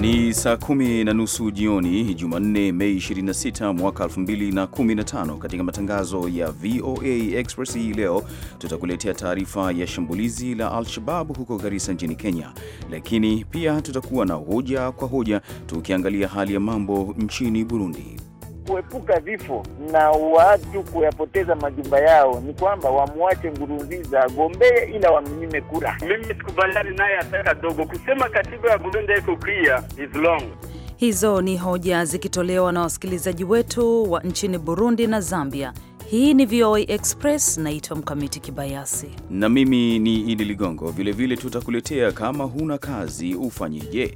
Ni saa kumi na nusu jioni Jumanne, Mei 26 mwaka 2015. Katika matangazo ya VOA Express hii leo tutakuletea taarifa ya shambulizi la Al-Shabab huko Garissa nchini Kenya, lakini pia tutakuwa na hoja kwa hoja tukiangalia hali ya mambo nchini Burundi kuepuka vifo na watu kuyapoteza majumba yao ni kwamba wamwache Ngurunziza agombee, ila wamnyime kura. Mimi sikubaliani naye hata kadogo kusema katiba ya Burundi iko clear is long. Hizo ni hoja zikitolewa na wasikilizaji wetu wa nchini Burundi na Zambia. Hii ni VOA Express, naitwa Mkamiti Kibayasi na mimi ni Idi Ligongo. Vilevile tutakuletea kama huna kazi ufanyije,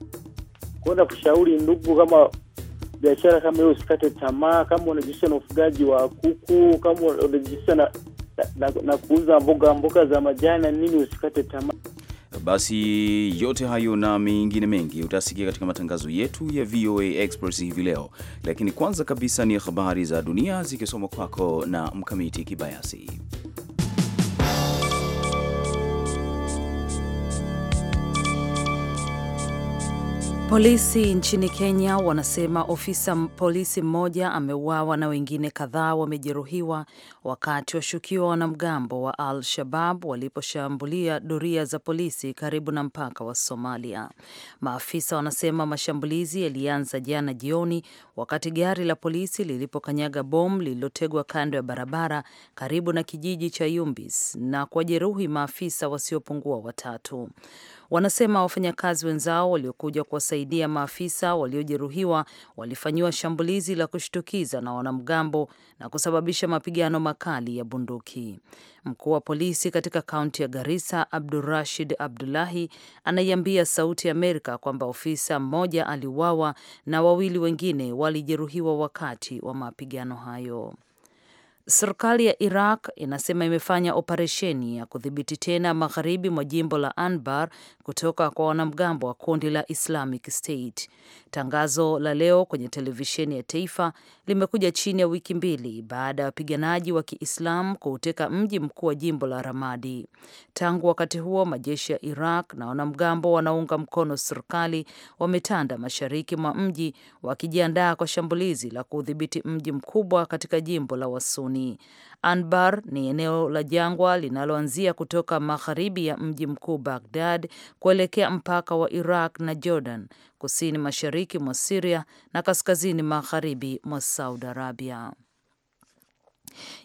kwenda kushauri ndugu kama biashara kama hiyo, usikate tamaa. Kama unajihusisha na ufugaji wa kuku, kama unajihusisha na, na, na kuuza mboga mboga za majani na nini, usikate tamaa. Basi yote hayo na mengine mengi utasikia katika matangazo yetu ya VOA Express hivi leo, lakini kwanza kabisa ni habari za dunia zikisomwa kwako na Mkamiti Kibayasi. Polisi nchini Kenya wanasema ofisa polisi mmoja ameuawa na wengine kadhaa wamejeruhiwa wakati washukiwa wanamgambo wa Al Shabab waliposhambulia doria za polisi karibu na mpaka wa Somalia. Maafisa wanasema mashambulizi yalianza jana jioni wakati gari la polisi lilipokanyaga bomu lililotegwa kando ya barabara karibu na kijiji cha Yumbis na kuwajeruhi maafisa wasiopungua watatu. Wanasema wafanyakazi wenzao waliokuja kuwasaidia maafisa waliojeruhiwa walifanyiwa shambulizi la kushtukiza na wanamgambo na kusababisha mapigano makali ya bunduki. Mkuu wa polisi katika kaunti ya Garissa, Abdurashid Abdulahi, anaiambia Sauti ya Amerika kwamba ofisa mmoja aliuawa na wawili wengine walijeruhiwa wakati wa mapigano hayo. Serikali ya Iraq inasema imefanya operesheni ya kudhibiti tena magharibi mwa jimbo la Anbar kutoka kwa wanamgambo wa kundi la Islamic State. Tangazo la leo kwenye televisheni ya taifa limekuja chini ya wiki mbili baada ya wapiganaji wa Kiislamu kuuteka mji mkuu wa jimbo la Ramadi. Tangu wakati huo, majeshi ya Iraq na wanamgambo wanaunga mkono serikali wametanda mashariki mwa mji wakijiandaa kwa shambulizi la kuudhibiti mji mkubwa katika jimbo la Wasuni. Marekani. Anbar ni eneo la jangwa linaloanzia kutoka magharibi ya mji mkuu Bagdad kuelekea mpaka wa Iraq na Jordan, kusini mashariki mwa Siria na kaskazini magharibi mwa Saudi Arabia.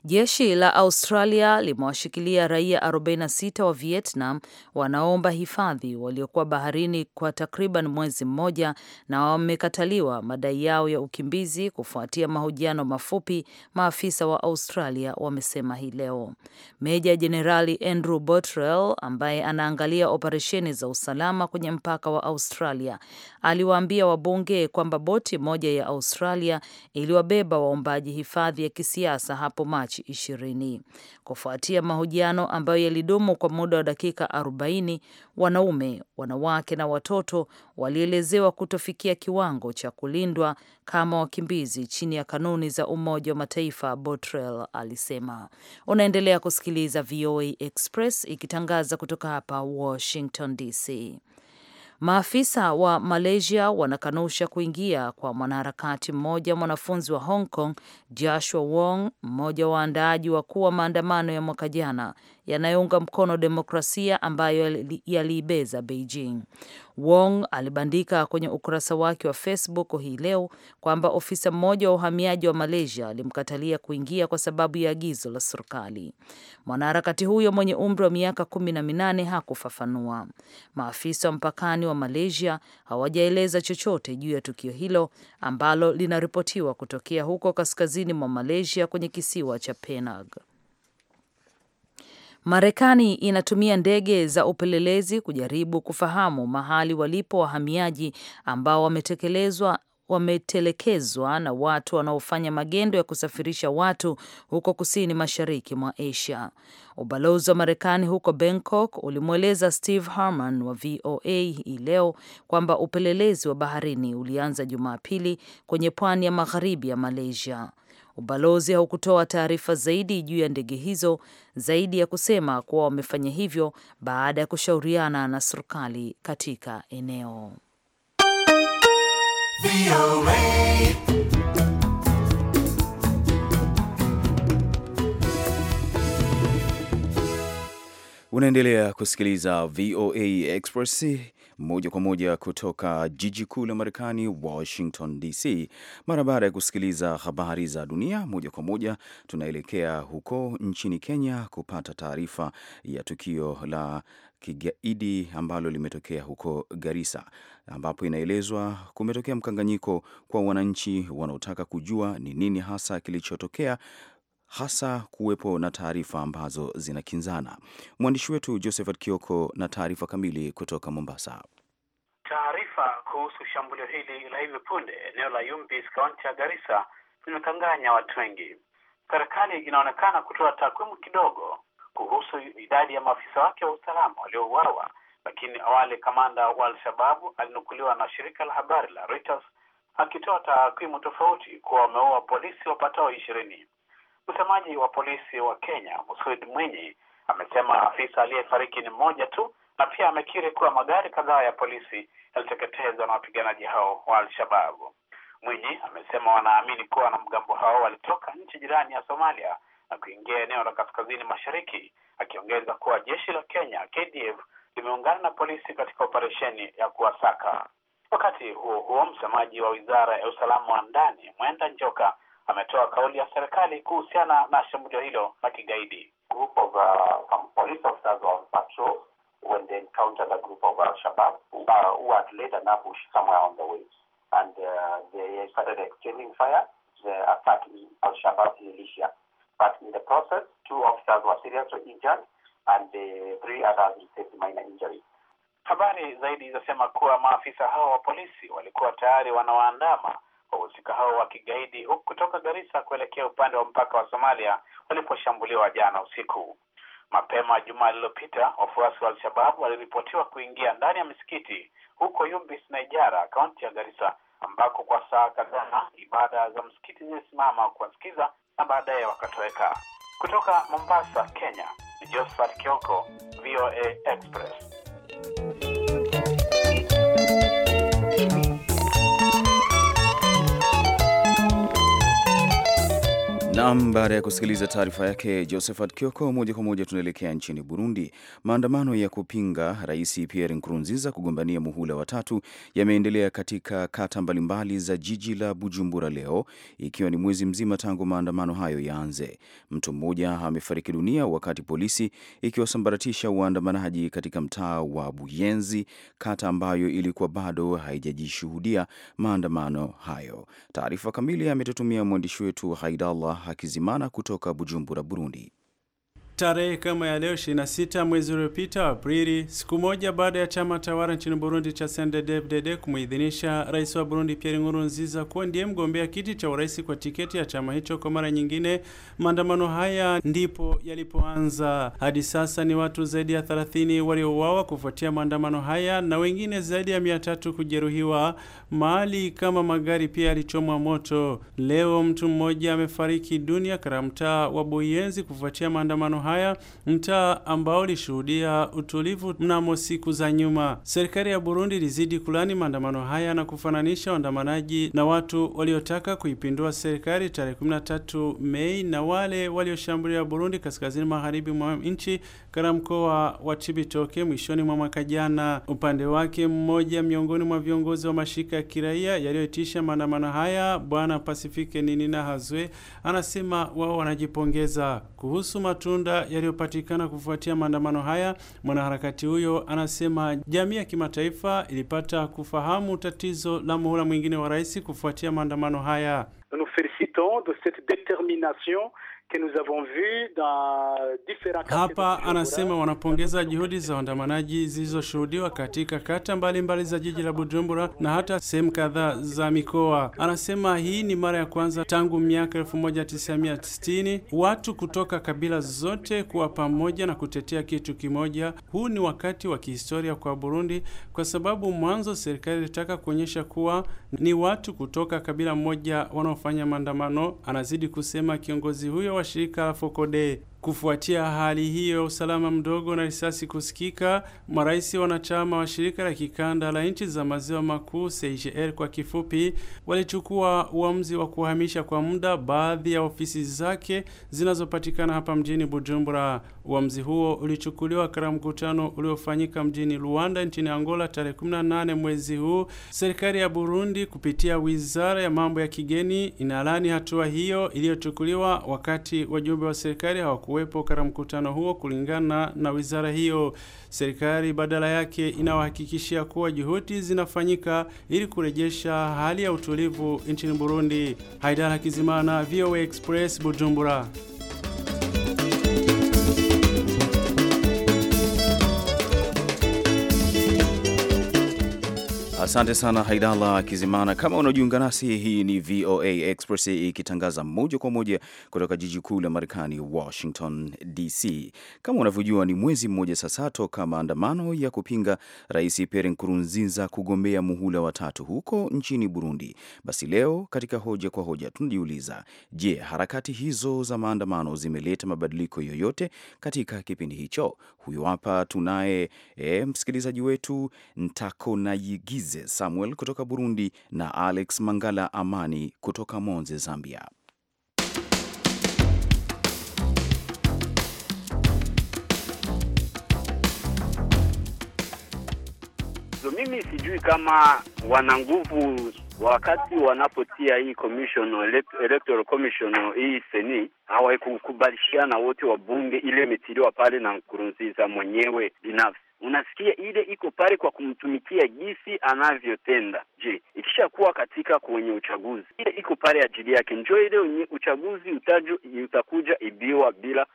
Jeshi la Australia limewashikilia raia 46 wa Vietnam wanaomba hifadhi waliokuwa baharini kwa takriban mwezi mmoja na wamekataliwa madai yao ya ukimbizi kufuatia mahojiano mafupi, maafisa wa Australia wamesema hii leo. Meja Jenerali Andrew botrel ambaye anaangalia operesheni za usalama kwenye mpaka wa Australia aliwaambia wabunge kwamba boti moja ya Australia iliwabeba waombaji hifadhi ya kisiasa hapo Machi 20 kufuatia mahojiano ambayo yalidumu kwa muda wa dakika 40. Wanaume, wanawake na watoto walielezewa kutofikia kiwango cha kulindwa kama wakimbizi chini ya kanuni za Umoja wa Mataifa, Botrel alisema. Unaendelea kusikiliza VOA Express ikitangaza kutoka hapa Washington DC. Maafisa wa Malaysia wanakanusha kuingia kwa mwanaharakati mmoja mwanafunzi wa Hong Kong Joshua Wong, mmoja wa waandaaji wakuu wa maandamano ya mwaka jana yanayounga mkono demokrasia ambayo yaliibeza Beijing. Wong alibandika kwenye ukurasa wake wa Facebook hii leo kwamba ofisa mmoja wa uhamiaji wa Malaysia alimkatalia kuingia kwa sababu ya agizo la serikali. Mwanaharakati huyo mwenye umri wa miaka kumi na minane hakufafanua. Maafisa wa mpakani wa Malaysia hawajaeleza chochote juu ya tukio hilo ambalo linaripotiwa kutokea huko kaskazini mwa Malaysia kwenye kisiwa cha Penang. Marekani inatumia ndege za upelelezi kujaribu kufahamu mahali walipo wahamiaji ambao wametekelezwa wametelekezwa na watu wanaofanya magendo ya kusafirisha watu huko kusini mashariki mwa Asia. Ubalozi wa Marekani huko Bangkok ulimweleza Steve Harman wa VOA hii leo kwamba upelelezi wa baharini ulianza Jumapili kwenye pwani ya magharibi ya Malaysia. Ubalozi haukutoa taarifa zaidi juu ya ndege hizo zaidi ya kusema kuwa wamefanya hivyo baada ya kushauriana na serikali katika eneo. Unaendelea kusikiliza VOA Express moja kwa moja kutoka jiji kuu la Marekani, Washington DC. Mara baada ya kusikiliza habari za dunia moja kwa moja, tunaelekea huko nchini Kenya kupata taarifa ya tukio la kigaidi ambalo limetokea huko Garissa, ambapo inaelezwa kumetokea mkanganyiko kwa wananchi wanaotaka kujua ni nini hasa kilichotokea hasa kuwepo na taarifa ambazo zinakinzana. Mwandishi wetu Josephat Kioko na taarifa kamili kutoka Mombasa. Taarifa kuhusu shambulio hili la hivi punde eneo la Yumbis, kaunti ya Garissa, limekanganya watu wengi. Serikali inaonekana kutoa takwimu kidogo kuhusu idadi ya maafisa wake wa usalama waliouawa, lakini awali kamanda wa Al-Shababu alinukuliwa na shirika la habari la Reuters akitoa takwimu tofauti kuwa wameua polisi wapatao ishirini. Msemaji wa polisi wa Kenya Musud Mwinyi amesema afisa aliyefariki ni mmoja tu, na pia amekiri kuwa magari kadhaa ya polisi yaliteketezwa na wapiganaji hao wa alshababu Mwinyi amesema wanaamini kuwa wanamgambo hao walitoka nchi jirani ya Somalia na kuingia eneo la kaskazini mashariki, akiongeza kuwa jeshi la Kenya KDF limeungana na polisi katika operesheni ya kuwasaka. Wakati huo huo, msemaji wa wizara ya usalama wa ndani Mwenda Njoka ametoa kauli ya serikali kuhusiana na shambulio hilo la kigaidi. Group of uh, some police officers on patrol when they encountered a group of al-Shabaab uh, uh, who had laid an ambush somewhere on the way and uh, they started exchanging fire. al-Shabaab militia. But in the process, two officers were seriously injured and three others received minor injuries. Habari zaidi zinasema kuwa maafisa hao wa polisi walikuwa tayari wanawaandama Wahusika hao wa kigaidi huku kutoka Garissa kuelekea upande wa mpaka wa Somalia waliposhambuliwa jana usiku. Mapema juma lililopita, wafuasi wa Al-Shabaab waliripotiwa kuingia ndani ya misikiti huko Yumbis na Ijara, kaunti ya Garissa, ambako kwa saa kadhaa ibada za msikiti zilisimama kuwasikiza na baadaye wakatoweka. Kutoka Mombasa, Kenya, ni Josephat Kioko, VOA Express. Nam, baada ya kusikiliza taarifa yake Josephat Kioko, moja kwa moja tunaelekea nchini Burundi. Maandamano ya kupinga Rais Pierre Nkurunziza kugombania muhula wa tatu yameendelea katika kata mbalimbali za jiji la Bujumbura leo, ikiwa ni mwezi mzima tangu maandamano hayo yaanze. Mtu mmoja amefariki dunia wakati polisi ikiwasambaratisha waandamanaji katika mtaa wa Buyenzi, kata ambayo ilikuwa bado haijajishuhudia maandamano hayo. Taarifa kamili ametutumia mwandishi wetu Haidallah Hakizimana kutoka Bujumbura, Burundi. Tarehe kama ya leo 26 mwezi uliopita Aprili, siku moja baada ya chama tawala nchini Burundi cha CNDD-FDD kumuidhinisha rais wa Burundi Pierre Nkurunziza kuwa ndiye mgombea kiti cha urais kwa tiketi ya chama hicho kwa mara nyingine, maandamano haya ndipo yalipoanza. Hadi sasa ni watu zaidi ya 30 waliouawa kufuatia maandamano haya na wengine zaidi ya 300 kujeruhiwa. Mali kama magari pia yalichomwa moto. Leo mtu mmoja amefariki dunia katika mtaa wa Buyenzi kufuatia maandamano haya, mtaa ambao ulishuhudia utulivu mnamo siku za nyuma. Serikali ya Burundi ilizidi kulani maandamano haya na kufananisha waandamanaji na watu waliotaka kuipindua serikali tarehe 13 Mei na wale walioshambulia Burundi kaskazini magharibi mwa nchi katika mkoa wa Cibitoke mwishoni mwa mwaka jana. Upande wake, mmoja miongoni mwa viongozi wa mashirika ya kiraia yaliyoitisha maandamano haya, Bwana Pasifike Ninina Hazwe, anasema wao wanajipongeza kuhusu matunda yaliyopatikana kufuatia maandamano haya. Mwanaharakati huyo anasema jamii ya kimataifa ilipata kufahamu tatizo la muhula mwingine wa rais kufuatia maandamano haya. Nous hapa anasema wanapongeza juhudi za waandamanaji zilizoshuhudiwa katika kata mbalimbali mbali za jiji la Bujumbura na hata sehemu kadhaa za mikoa. Anasema hii ni mara ya kwanza tangu miaka 1960 watu kutoka kabila zote kuwa pamoja na kutetea kitu kimoja. Huu ni wakati wa kihistoria kwa Burundi kwa sababu mwanzo serikali ilitaka kuonyesha kuwa ni watu kutoka kabila moja wanaofanya maandamano. Anazidi kusema kiongozi huyo eu achei que ela focou de Kufuatia hali hiyo ya usalama mdogo na risasi kusikika, marais wanachama wa shirika la kikanda la nchi za maziwa makuu CIGR kwa kifupi, walichukua uamuzi wa kuhamisha kwa muda baadhi ya ofisi zake zinazopatikana hapa mjini Bujumbura. Uamuzi huo ulichukuliwa katika mkutano uliofanyika mjini Luanda nchini Angola tarehe 18 mwezi huu. Serikali ya Burundi kupitia wizara ya mambo ya kigeni inalani hatua hiyo iliyochukuliwa wakati wajumbe wa serikali hawaku kuwepo katika mkutano huo, kulingana na wizara hiyo. Serikali badala yake inawahakikishia kuwa juhudi zinafanyika ili kurejesha hali ya utulivu nchini Burundi. Haidara Kizimana, VOA Express, Bujumbura. Asante sana Haidala Kizimana. Kama unajiunga nasi, hii ni VOA Express ikitangaza moja kwa moja kutoka jiji kuu la Marekani, Washington DC. Kama unavyojua, ni mwezi mmoja sasa toka maandamano ya kupinga Rais Pierre Nkurunziza kugombea muhula wa tatu huko nchini Burundi. Basi leo katika hoja kwa hoja tunajiuliza, je, harakati hizo za maandamano zimeleta mabadiliko yoyote katika kipindi hicho? Huyu hapa tunaye eh, msikilizaji wetu Ntakonayigizi Kizeze Samuel kutoka Burundi na Alex Mangala Amani kutoka Monze, Zambia. Mimi sijui kama wana nguvu wakati wanapotia hii commission electoral commission hii seni hawakukubalishana wote wa bunge ile imetiliwa pale na Nkurunziza mwenyewe binafsi unasikia ile iko pale kwa kumtumikia jinsi anavyotenda. Je, ikishakuwa katika kwenye uchaguzi ile iko pale ajili yake, njoo ile uchaguzi utaju, utakuja ibiwa bila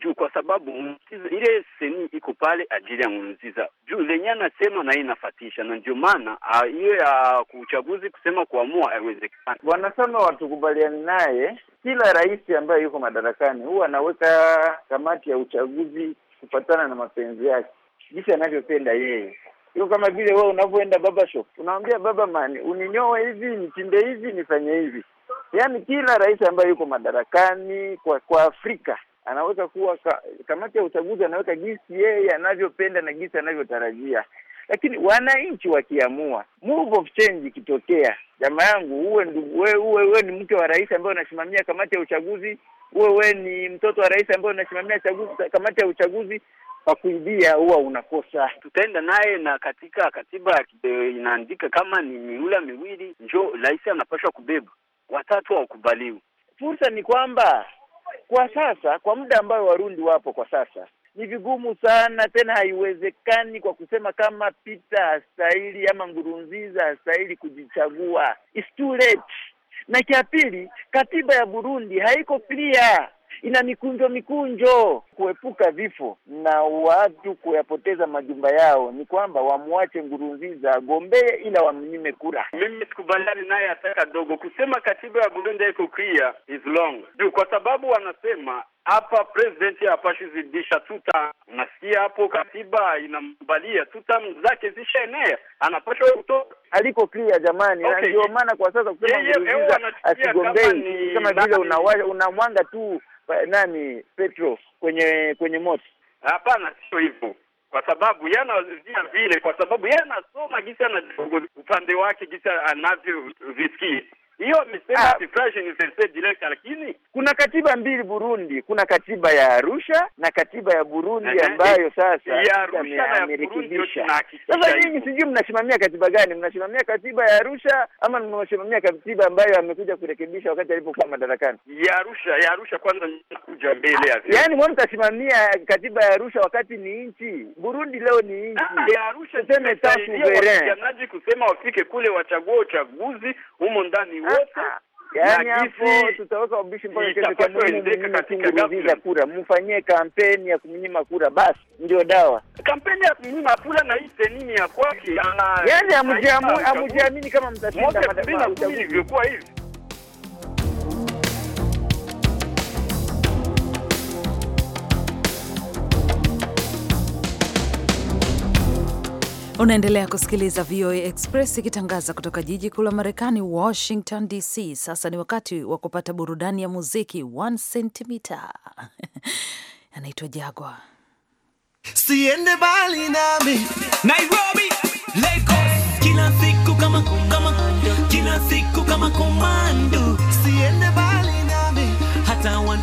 juu kwa sababu ile seni iko pale ajili ya Nkurunziza, juu lenye anasema na inafatisha, na ndio maana hiyo ya uchaguzi kusema kuamua haiwezekani. Wanasema watukubaliani naye, kila rais ambaye yuko madarakani huwa anaweka kamati ya uchaguzi kufatana na mapenzi yake jinsi anavyopenda yeye. Hiyo kama vile wewe unavyoenda baba shop, unamwambia baba mani, uninyoe hivi, nitinde hivi, nifanye hivi. Yaani kila rais ambaye yuko madarakani kwa kwa Afrika anaweza kuwa ka, kamati ya uchaguzi anaweka jinsi yeye anavyopenda na jinsi anavyotarajia, lakini wananchi wakiamua move of change ikitokea, jamaa yangu, uwe ndugu wewe, uwe wewe ni mke wa rais ambaye unasimamia kamati ya uchaguzi, uwe wewe ni mtoto wa rais ambaye unasimamia chaguzi, kamati ya uchaguzi, kwa kuibia huwa unakosa. Tutaenda naye na katika katiba inaandika kama ni miula miwili njo rais anapashwa kubeba, watatu hawakubaliwi. Fursa ni kwamba kwa sasa, kwa muda ambayo Warundi wapo kwa sasa ni vigumu sana tena, haiwezekani kwa kusema kama Pita hastahili ama Ngurunziza hastahili kujichagua. It's too late. Na cha pili, katiba ya Burundi haiko clear ina mikunjo mikunjo. Kuepuka vifo na watu kuyapoteza majumba yao, ni kwamba wamwache Ngurunziza agombee, ila wamnyime kura. Mimi sikubaliani naye hata kadogo, kusema katiba ya Burundi haiko clear is long juu, kwa sababu wanasema hapa presidenti hapashi zidisha tuta, nasikia hapo katiba inambalia tuta zake zishaenea, anapashwa kutoka aliko clear jamani. Okay, na ndio maana kwa sasa kusema asigombei kama vile unamwanga tu nani Petro kwenye kwenye moto? Hapana, sio hivyo, kwa sababu yanazia vile, kwa sababu yanasoma gisa na upande wake gisa anavyovisikia hiyo amesema ah. lakini kuna katiba mbili Burundi, kuna katiba ya Arusha na katiba ya Burundi ambayo eh, sasa amerekebisha. Sasa nyinyi sijui mnasimamia katiba gani? Mnasimamia katiba ya Arusha ama mnasimamia katiba ambayo amekuja kurekebisha wakati alipokuwa madarakani? Ya Arusha, ya Arusha kwanza inakuja mbele ya yaani, mbona mtasimamia katiba ya Arusha wakati ni nchi Burundi leo ni nchi ah, ya Arusha? Tuseme sasa, wapiganaji kusema wafike kule wachague uchaguzi humo ndani wote yaani hapo tutaweka wabishi mpaka kesho katika kura, mfanyie kampeni ya kumnyima kura, basi ndio dawa. Kampeni ya kumnyima kura na hii nini ya kwake, yaani hamjiamini kama mtashinda ilivyokuwa hivi Unaendelea kusikiliza VOA Express ikitangaza kutoka jiji kuu la Marekani, Washington DC. Sasa ni wakati wa kupata burudani ya muziki. One Centimeter anaitwa Jagwa. Siende bali nami, Nairobi, Lagos, kila siku kama kama, kila siku kama komando, siende bali nami hata one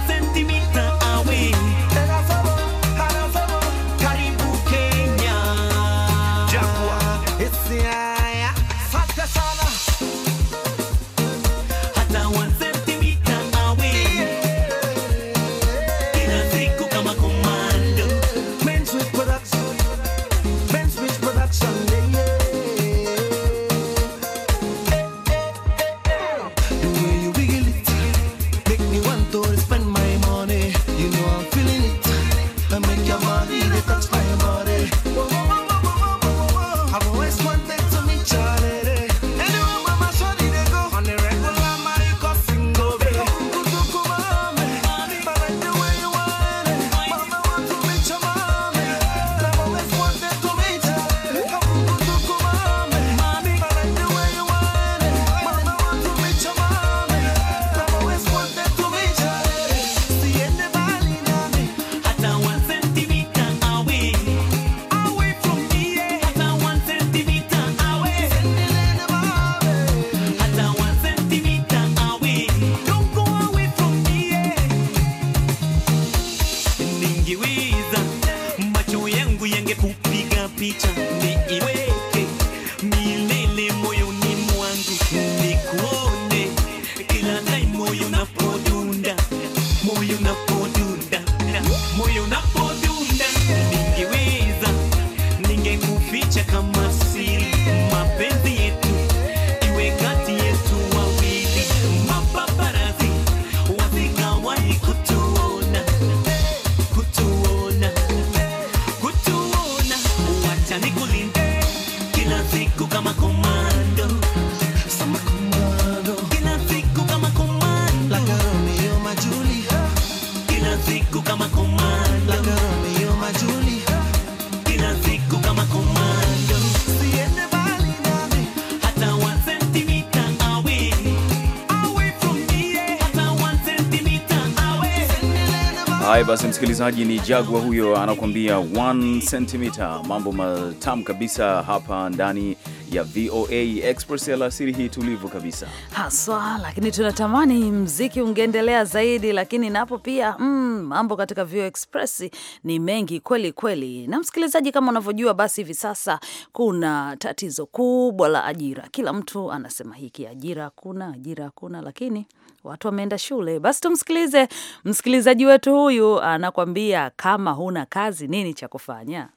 basi msikilizaji, ni Jagwa huyo anakuambia 1 cm, mambo matamu kabisa hapa ndani ya VOA Express alasiri hii tulivu kabisa haswa, lakini tunatamani mziki ungeendelea zaidi, lakini napo pia mm, mambo katika VOA Express ni mengi kweli kweli. Na msikilizaji, kama unavyojua, basi hivi sasa kuna tatizo kubwa la ajira. Kila mtu anasema hiki ajira hakuna, ajira hakuna, lakini watu wameenda shule. Basi tumsikilize msikilizaji wetu huyu, anakwambia kama huna kazi nini cha kufanya.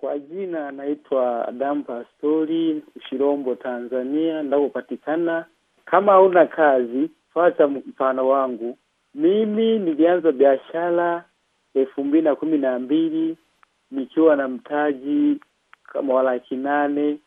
Kwa jina anaitwa Adam Pastori, Ushirombo, Tanzania, ndakopatikana. Kama hauna kazi, fuata mfano wangu. Mimi nilianza biashara elfu mbili na kumi na mbili nikiwa na mtaji kama wa laki nane.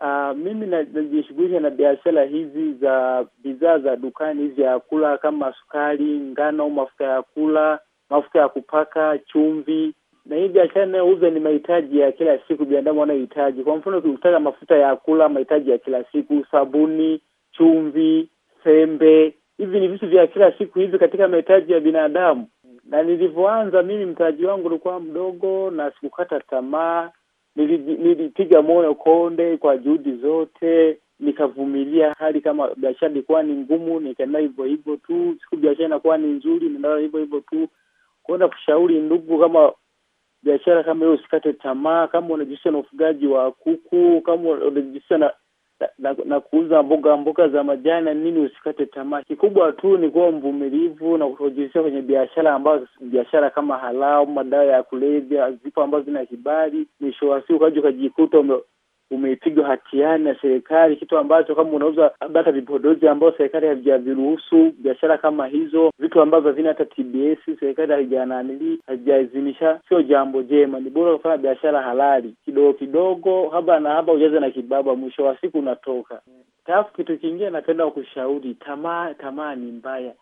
Uh, mimi najishughulisha na biashara hizi za bidhaa za dukani hizi ya kula kama sukari, ngano, mafuta ya kula, mafuta ya kupaka, chumvi na hii biashara inayouza ni mahitaji ya kila siku binadamu anahitaji Kwa mfano, ukitaka mafuta ya kula, mahitaji ya kila siku, sabuni, chumvi, sembe, hivi ni vitu vya kila siku hivi katika mahitaji ya binadamu. Na nilivyoanza mimi, mtaji wangu ulikuwa mdogo na sikukata tamaa, nilipiga moyo konde kwa juhudi zote, nikavumilia hali kama biashara ilikuwa ni ngumu, nikaenda hivyo hivyo tu. Siku biashara inakuwa ni nzuri, nenda hivyo hivyo tu. Kwenda kushauri ndugu kama biashara kama hiyo, usikate tamaa. Kama unajihusisha na ufugaji wa kuku, kama unajihusisha na na, na, na kuuza mboga mboga za majani na nini, usikate tamaa. Kikubwa tu ni kuwa mvumilivu na kutojihusisha kwenye biashara ambazo biashara kama halau madawa ya kulevya, zipo ambazo zina kibali. Mwisho wa siku ukaja ukajikuta umepigwa hatiani na serikali, kitu ambacho kama unauza hata vipodozi ambao serikali havijaviruhusu biashara kama hizo, vitu ambavyo havina hata TBS, serikali haijananili haijaidhinisha, sio jambo jema. Ni bora kufanya biashara halali kidogo kidogo, haba na haba, ujaze na kibaba, mwisho wa siku unatoka. Alafu kitu kingine napenda kushauri, tamaa, tamaa ni mbaya.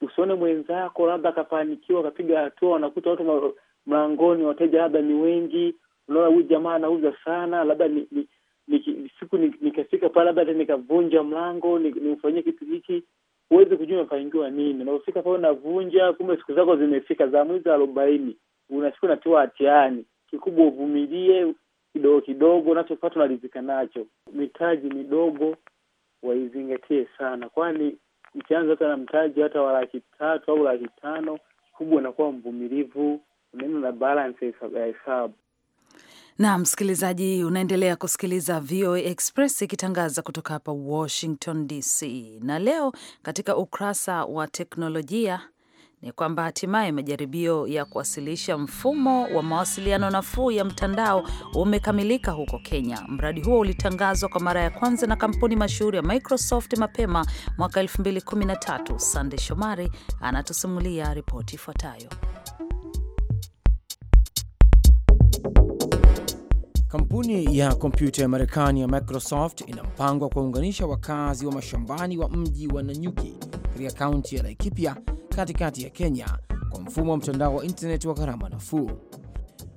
Usione mwenzako labda akafanikiwa akapiga hatua, wanakuta watu mlangoni, wateja labda ni wengi, unaona huyu jamaa anauza sana, labda ni, ni niki, siku nikafika pale labda hata nikavunja mlango nimfanyie kitu hiki, huwezi kujua umefanikiwa nini. Unafika pale unavunja, kumbe siku zako zimefika za mwezi arobaini, unasiku natiwa hatiani. Kikubwa uvumilie kidogo kidogo, unachopata unaridhika nacho. Mitaji midogo waizingatie sana, kwani ukianza hata na mtaji hata wa laki tatu au laki tano, kubwa unakuwa mvumilivu, unaenda na balance ya hesabu. Na msikilizaji, unaendelea kusikiliza VOA Express ikitangaza kutoka hapa Washington DC. Na leo katika ukurasa wa teknolojia ni kwamba hatimaye majaribio ya kuwasilisha mfumo wa mawasiliano nafuu ya mtandao umekamilika huko Kenya. Mradi huo ulitangazwa kwa mara ya kwanza na kampuni mashuhuri ya Microsoft mapema mwaka 2013. Sande Shomari anatusimulia ripoti ifuatayo. Kampuni ya kompyuta ya Marekani ya Microsoft ina mpango wa kuwaunganisha wakazi wa mashambani wa mji wa Nanyuki katika kaunti ya Laikipia katikati ya Kenya kwa mfumo wa mtandao wa intaneti wa gharama nafuu.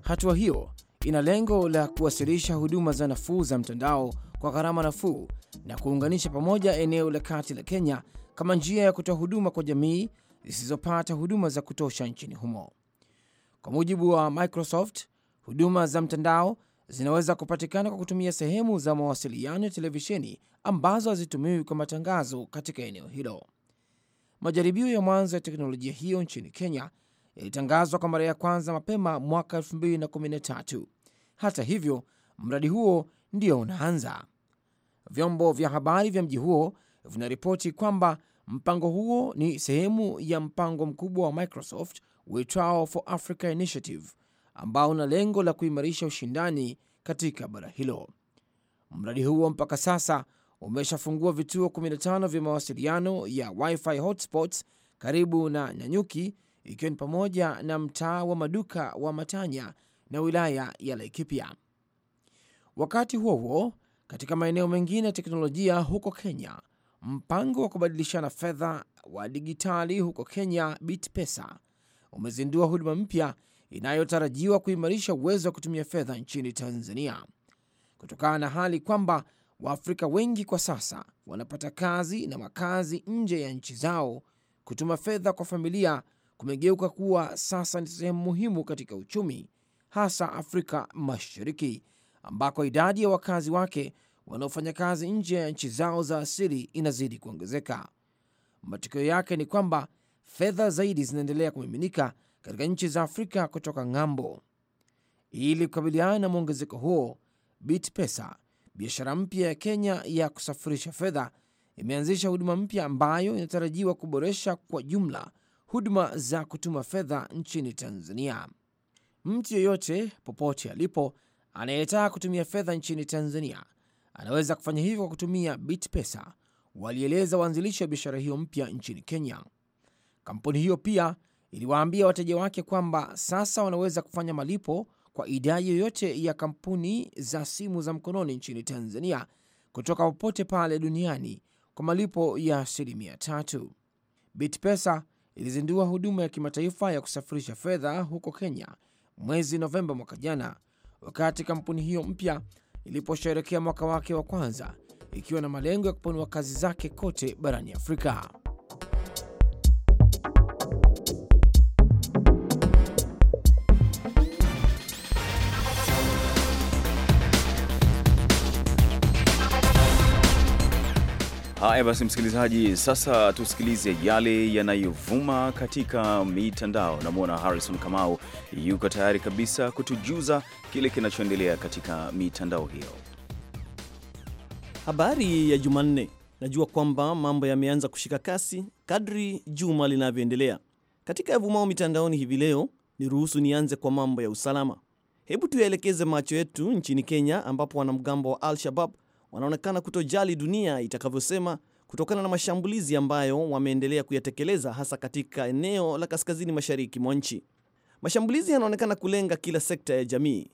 Hatua hiyo ina lengo la kuwasilisha huduma za nafuu za mtandao kwa gharama nafuu na kuunganisha pamoja eneo la kati la Kenya kama njia ya kutoa huduma kwa jamii zisizopata huduma za kutosha nchini humo. Kwa mujibu wa Microsoft, huduma za mtandao zinaweza kupatikana kwa kutumia sehemu za mawasiliano ya televisheni ambazo hazitumiwi kwa matangazo katika eneo hilo. Majaribio ya mwanzo ya teknolojia hiyo nchini Kenya yalitangazwa kwa mara ya kwanza mapema mwaka 2013. Hata hivyo, mradi huo ndio unaanza. Vyombo vya habari vya mji huo vinaripoti kwamba mpango huo ni sehemu ya mpango mkubwa wa Microsoft uitwao For Africa Initiative ambao una lengo la kuimarisha ushindani katika bara hilo. Mradi huo mpaka sasa umeshafungua vituo 15 vya mawasiliano ya wifi hotspots karibu na Nyanyuki, ikiwa ni pamoja na mtaa wa maduka wa Matanya na wilaya ya Laikipia. Wakati huo huo, katika maeneo mengine ya teknolojia huko Kenya, mpango wa kubadilishana fedha wa dijitali huko Kenya, BitPesa, umezindua huduma mpya inayotarajiwa kuimarisha uwezo wa kutumia fedha nchini Tanzania kutokana na hali kwamba Waafrika wengi kwa sasa wanapata kazi na makazi nje ya nchi zao. Kutuma fedha kwa familia kumegeuka kuwa sasa ni sehemu muhimu katika uchumi, hasa Afrika Mashariki ambako idadi ya wakazi wake wanaofanya kazi nje ya nchi zao za asili inazidi kuongezeka. Matokeo yake ni kwamba fedha zaidi zinaendelea kumiminika katika nchi za Afrika kutoka ng'ambo. Ili kukabiliana na mwongezeko huo, BitPesa, biashara mpya ya Kenya ya kusafirisha fedha, imeanzisha huduma mpya ambayo inatarajiwa kuboresha kwa jumla huduma za kutuma fedha nchini Tanzania. Mtu yeyote popote alipo anayetaka kutumia fedha nchini Tanzania anaweza kufanya hivyo kwa kutumia BitPesa, walieleza waanzilishi wa biashara hiyo mpya nchini Kenya. Kampuni hiyo pia iliwaambia wateja wake kwamba sasa wanaweza kufanya malipo kwa idadi yoyote ya kampuni za simu za mkononi nchini Tanzania kutoka popote pale duniani kwa malipo ya asilimia tatu. BitPesa ilizindua huduma ya kimataifa ya kusafirisha fedha huko Kenya mwezi Novemba mwaka jana, wakati kampuni hiyo mpya iliposherekea mwaka wake wa kwanza ikiwa na malengo ya kupanua kazi zake kote barani Afrika. Haya basi, msikilizaji, sasa tusikilize yale yanayovuma katika mitandao. Namwona Harrison Kamau yuko tayari kabisa kutujuza kile kinachoendelea katika mitandao hiyo. Habari ya Jumanne. Najua kwamba mambo yameanza kushika kasi kadri juma linavyoendelea. Katika yavumao mitandaoni hivi leo, niruhusu nianze kwa mambo ya usalama. Hebu tuyaelekeze macho yetu nchini Kenya, ambapo wanamgambo wa Al-Shabab wanaonekana kutojali dunia itakavyosema kutokana na mashambulizi ambayo wameendelea kuyatekeleza hasa katika eneo la kaskazini mashariki mwa nchi. Mashambulizi yanaonekana kulenga kila sekta ya jamii,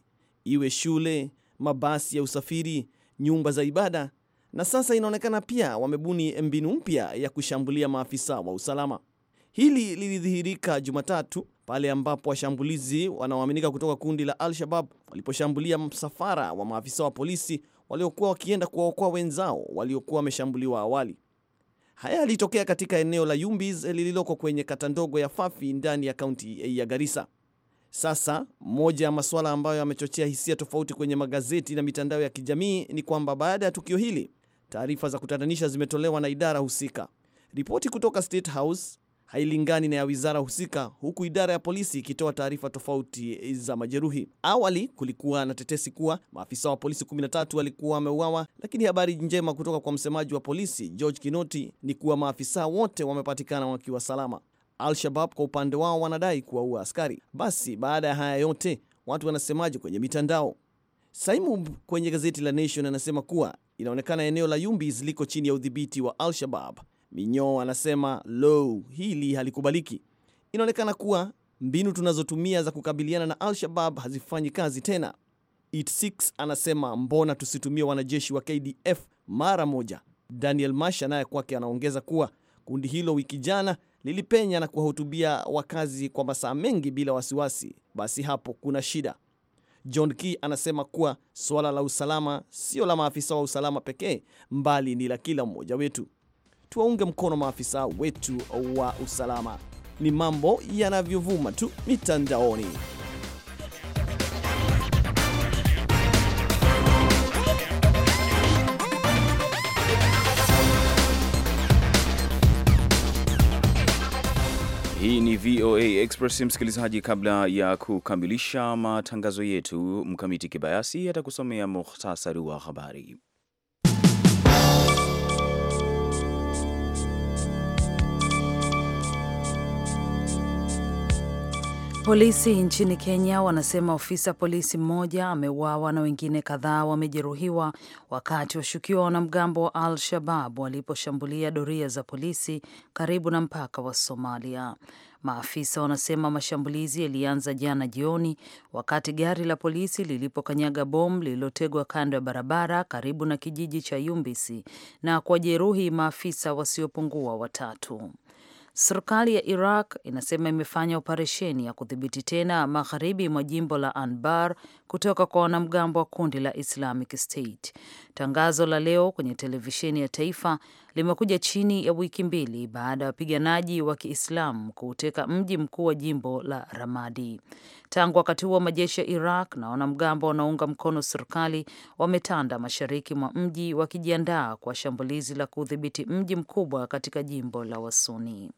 iwe shule, mabasi ya usafiri, nyumba za ibada, na sasa inaonekana pia wamebuni mbinu mpya ya kushambulia maafisa wa usalama. Hili lilidhihirika Jumatatu pale ambapo washambulizi wanaoaminika kutoka kundi la Al-Shabab waliposhambulia msafara wa maafisa wa polisi waliokuwa wakienda kuwaokoa wenzao waliokuwa wameshambuliwa awali. Haya yalitokea katika eneo la Yumbis lililoko kwenye kata ndogo ya Fafi ndani ya kaunti ya Garissa. Sasa moja ya masuala ambayo yamechochea hisia tofauti kwenye magazeti na mitandao ya kijamii ni kwamba baada ya tukio hili, taarifa za kutatanisha zimetolewa na idara husika. Ripoti kutoka State House hailingani na ya wizara husika, huku idara ya polisi ikitoa taarifa tofauti za majeruhi. Awali kulikuwa na tetesi kuwa maafisa wa polisi 13 walikuwa wameuawa, lakini habari njema kutoka kwa msemaji wa polisi George Kinoti ni kuwa maafisa wote wamepatikana wakiwa salama. Al-Shabab kwa upande wao wanadai kuwaua askari. Basi baada ya haya yote, watu wanasemaje kwenye mitandao? Saimu kwenye gazeti la Nation anasema kuwa inaonekana eneo la Yumbis liko chini ya udhibiti wa Al-Shabab. Minyo anasema lo, hili halikubaliki. Inaonekana kuwa mbinu tunazotumia za kukabiliana na Al-Shabab hazifanyi kazi tena. It6 anasema mbona tusitumie wanajeshi wa KDF mara moja? Daniel Masha naye kwake anaongeza kuwa kundi hilo wiki jana lilipenya na kuwahutubia wakazi kwa masaa mengi bila wasiwasi, basi hapo kuna shida. John Key anasema kuwa suala la usalama sio la maafisa wa usalama pekee, mbali ni la kila mmoja wetu tuwaunge mkono maafisa wetu wa usalama. Ni mambo yanavyovuma tu mitandaoni. Hii ni VOA Express, msikilizaji. Kabla ya kukamilisha matangazo yetu, Mkamiti Kibayasi atakusomea muhtasari wa habari. Polisi nchini Kenya wanasema ofisa polisi mmoja ameuawa na wengine kadhaa wamejeruhiwa wakati washukiwa wanamgambo wa Al Shabab waliposhambulia doria za polisi karibu na mpaka wa Somalia. Maafisa wanasema mashambulizi yalianza jana jioni wakati gari la polisi lilipokanyaga bomu lililotegwa kando ya barabara karibu na kijiji cha Yumbisi na kuwajeruhi maafisa wasiopungua watatu. Serikali ya Iraq inasema imefanya operesheni ya kudhibiti tena magharibi mwa jimbo la Anbar kutoka kwa wanamgambo wa kundi la Islamic State. Tangazo la leo kwenye televisheni ya taifa limekuja chini ya wiki mbili baada ya wapiganaji wa Kiislamu kuuteka mji mkuu wa jimbo la Ramadi. Tangu wakati huo majeshi ya Iraq na wanamgambo wanaunga mkono serikali wametanda mashariki mwa mji wakijiandaa kwa shambulizi la kudhibiti mji mkubwa katika jimbo la Wasuni.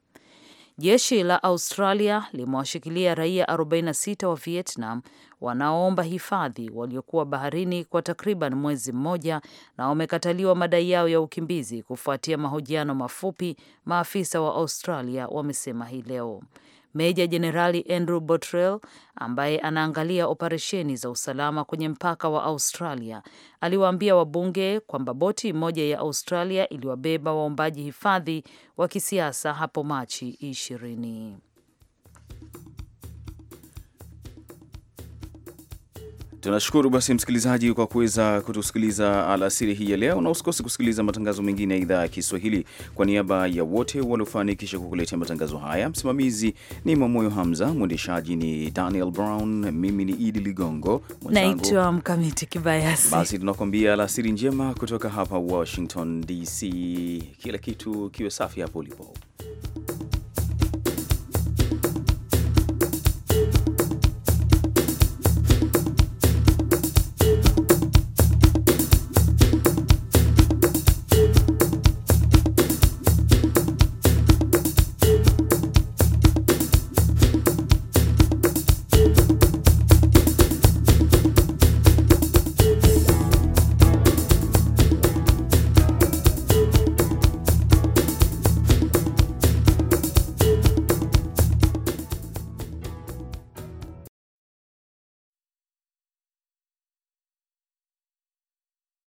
Jeshi la Australia limewashikilia raia 46 wa Vietnam wanaoomba hifadhi waliokuwa baharini kwa takriban mwezi mmoja na wamekataliwa madai yao ya ukimbizi kufuatia mahojiano mafupi, maafisa wa Australia wamesema hii leo. Meja Jenerali Andrew Botrel ambaye anaangalia operesheni za usalama kwenye mpaka wa Australia aliwaambia wabunge kwamba boti moja ya Australia iliwabeba waombaji hifadhi wa kisiasa hapo Machi ishirini. Tunashukuru basi msikilizaji kwa kuweza kutusikiliza alasiri hii ya leo, na usikose kusikiliza matangazo mengine ya idhaa ya Kiswahili. Kwa niaba ya wote waliofanikisha kukuletea matangazo haya, msimamizi ni Mamoyo Hamza, mwendeshaji ni Daniel Brown, mimi ni Idi Ligongo, naitwa Mkamiti Kibayasi. Basi tunakuambia alasiri njema kutoka hapa Washington DC, kila kitu kiwe safi hapo ulipo.